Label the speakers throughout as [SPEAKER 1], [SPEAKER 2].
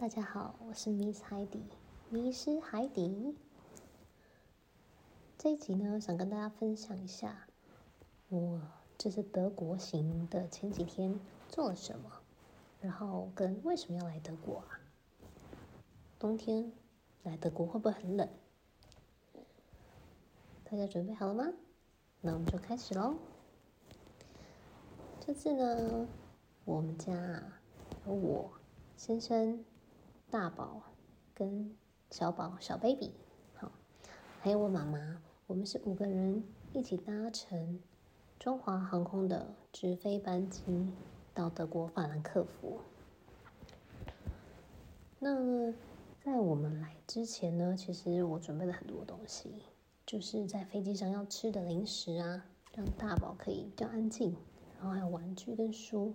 [SPEAKER 1] 大家好，我是 Miss Heidi，Miss Heidi。這一集呢，想跟大家分享一下，我這次德國行的前幾天做了什麼，然後跟為什麼要來德國啊？冬天來德國會不會很冷？大家準備好了嗎？那我們就開始嘍。這次呢，我們家啊有我、先生。大寶，跟小寶、小 baby，好，還有我媽媽，我們是五個人一起搭乘中華航空的直飛班機到德國法蘭克福。那呢，在我們來之前呢，其實我準備了很多東西，就是在飛機上要吃的零食啊，讓大寶可以比較安靜，然後還有玩具跟書。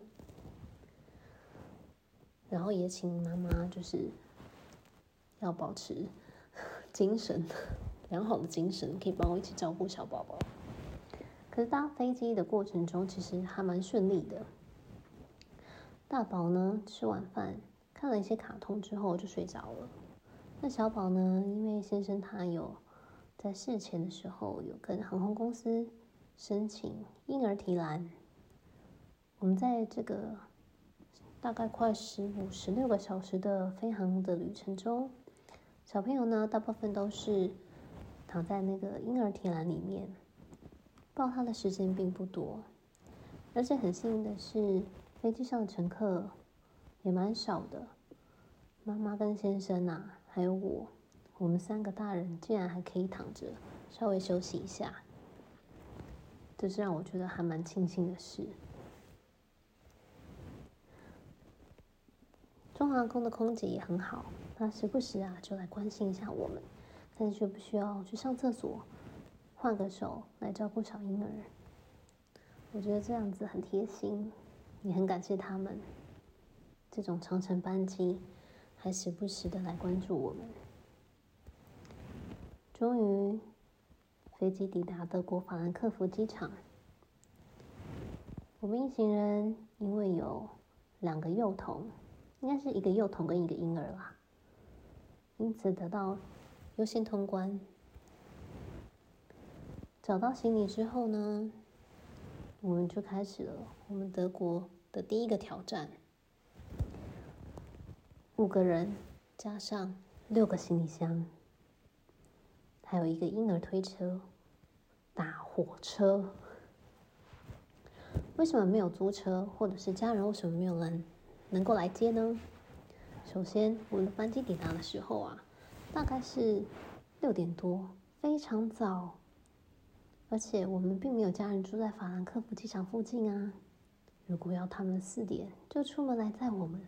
[SPEAKER 1] 然後也請媽媽就是要保持精神，良好的精神，可以幫我一起照顧小寶寶。可是搭飛機的過程中，其實還蠻順利的。大寶呢，吃完飯看了一些卡通之後就睡着了。那小寶呢，因為先生他有在事前的時候有跟航空公司申請嬰兒提籃，我們在這個。大概快十五、十六個小時的飛航的旅程中，小朋友呢，大部分都是躺在那個嬰兒提籃裡面，抱他的時間並不多。而且很幸運的是，飛機上的乘客也蠻少的，媽媽跟先生啊，還有我，我們三個大人竟然還可以躺着稍微休息一下，這是讓我覺得還蠻慶幸的事。中航空的空姐也很好，她時不時啊就來關心一下我們，但是卻不需要去上廁所，換個手來照顧小嬰兒。我覺得這樣子很貼心，也很感謝他們。這種長程班機還時不時的來關注我們。終於，飛機抵達德國法蘭克福機場。我們一行人因為有兩個幼童。應該是一個幼童跟一個嬰兒啦，因此得到優先通關。找到行李之後呢，我們就開始了我們德國的第一個挑戰：五個人加上六個行李箱，還有一個嬰兒推車，搭火車。為什麼沒有租車，或者是家人為什麼沒有人？能夠來接呢？首先，我們的班機抵達的時候啊，大概是六點多，非常早。而且我們並沒有家人住在法蘭克福機場附近啊。如果要他們四點就出門來載我們，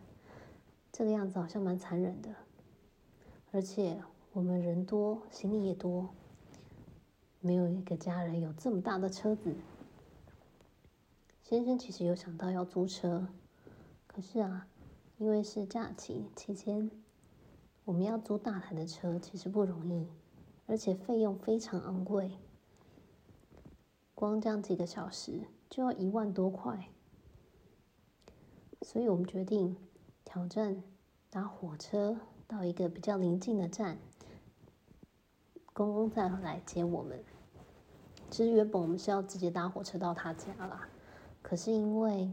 [SPEAKER 1] 這個樣子好像蠻殘忍的。而且我們人多，行李也多，沒有一個家人有這麼大的車子。先生其實有想到要租車。可是啊，因為是假期期間，我們要租大台的車其實不容易，而且費用非常昂貴，光這樣幾個小時就要一萬多塊。所以我們決定挑戰搭火車到一個比較鄰近的站，公公再來接我們。其實原本我們是要直接搭火車到他家啦，可是因為。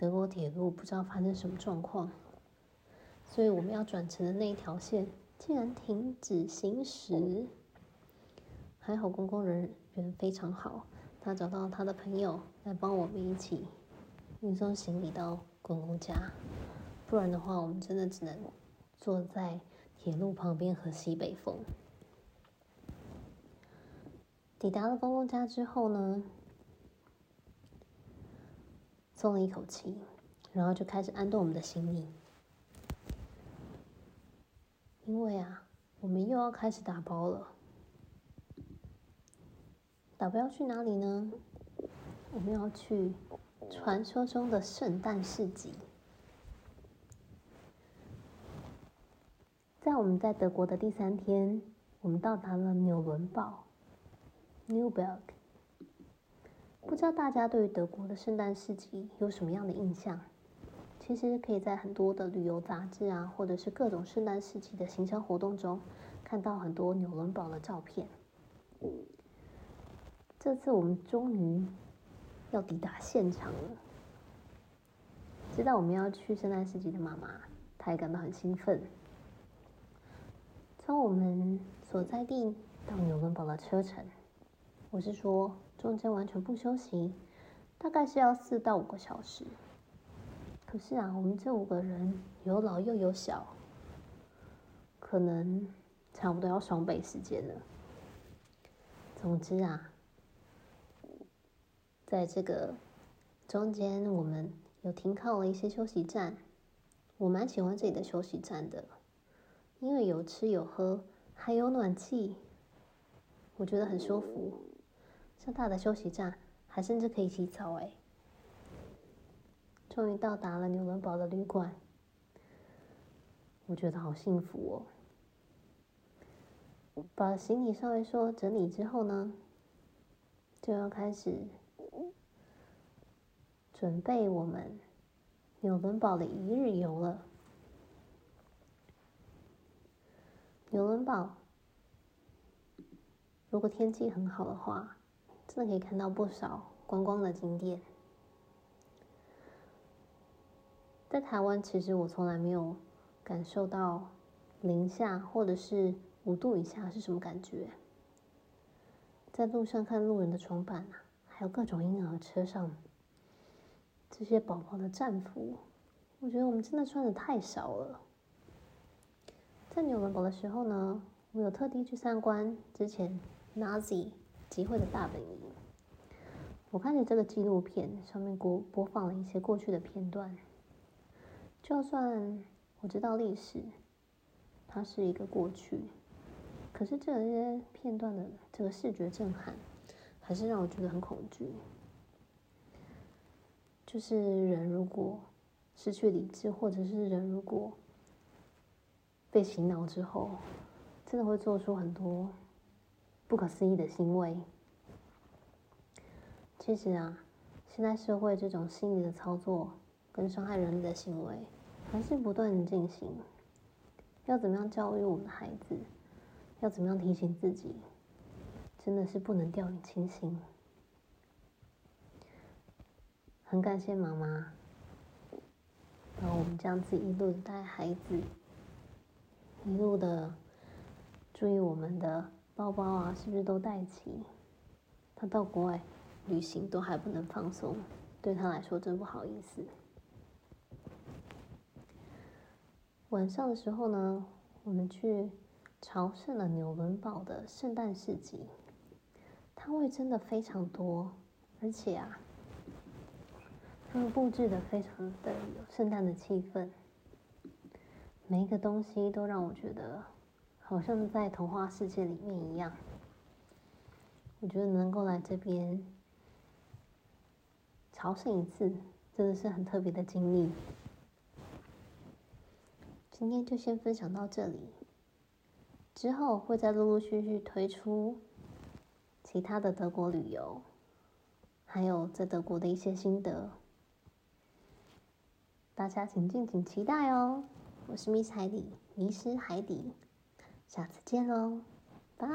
[SPEAKER 1] 德國鐵路不知道發生什麼狀況，所以我們要轉乘的那一條線竟然停止行駛。還好公公人緣非常好，他找到他的朋友來幫我們一起運送行李到公公家，不然的話，我們真的只能坐在鐵路旁邊喝西北風。抵達了公公家之後呢？鬆了一口氣，然後就開始安頓我們的行李，因為啊，我們又要開始打包了。打包要去哪裡呢？我們要去傳說中的聖誕市集。在我們在德國的第三天，我們到達了紐倫堡 n e w b e r g 不知道大家對於德國的聖誕市集有什麼樣的印象？其實可以在很多的旅遊雜誌啊，或者是各種聖誕市集的行程活動中，看到很多紐倫堡的照片。嗯，這次我們終於要抵達現場了。知道我們要去聖誕市集的媽媽，她也感到很興奮。從我們所在地到紐倫堡的車程，我是說，中間完全不休息，大概是要四到五個小時。可是啊，我們這五個人有老又有小，可能差不多要雙倍時間了。總之啊，在這個中間，我們有停靠了一些休息站，我蠻喜歡這裡的休息站的，因為有吃有喝，還有暖氣，我覺得很舒服。超大的休息站，還甚至可以洗澡哎！終於到達了紐倫堡的旅館，我覺得好幸福哦！把行李稍微說整理之後呢，就要開始準備我們紐倫堡的一日遊了。紐倫堡，如果天氣很好的話，真的可以看到不少觀光的景點，在台灣其實我從來沒有感受到零下或者是五度以下是什麼感覺。在路上看路人的裝扮啊，還有各種嬰兒車上這些寶寶的戰服，我覺得我們真的穿得太少了。在紐倫堡的時候呢，我有特地去參觀之前 Nazi 集會的大本營。我看着這個紀錄片，上面播播放了一些過去的片段。就算我知道歷史，它是一個過去，可是這些片段的這個視覺震撼，還是讓我覺得很恐懼。就是人如果失去理智，或者是人如果被洗腦之後，真的會做出很多不可思議的行為。其實啊，現在社會這種心理的操作跟傷害人的行為，還是不斷的進行。要怎麼樣教育我們的孩子？要怎麼樣提醒自己？真的是不能掉以輕心。很感謝媽媽把我們這樣子一路帶孩子，一路的注意我們的包包啊，是不是都帶齊？他到國外。旅行都還不能放鬆，對他來說真不好意思。晚上的時候呢，我們去朝聖了紐倫堡的聖誕市集，攤位真的非常多，而且啊，他們佈置的非常的有聖誕的氣氛，每一個東西都讓我覺得好像是在童話世界裡面一樣。我覺得能夠來這邊。朝聖一次真的是很特別的經歷。今天就先分享到這裡，之後我會再陸陸續續推出其他的德國旅遊，還有在德國的一些心得，大家請敬請期待哦、喔！我是 Miss 海底，迷失海底，下次見嘍，拜！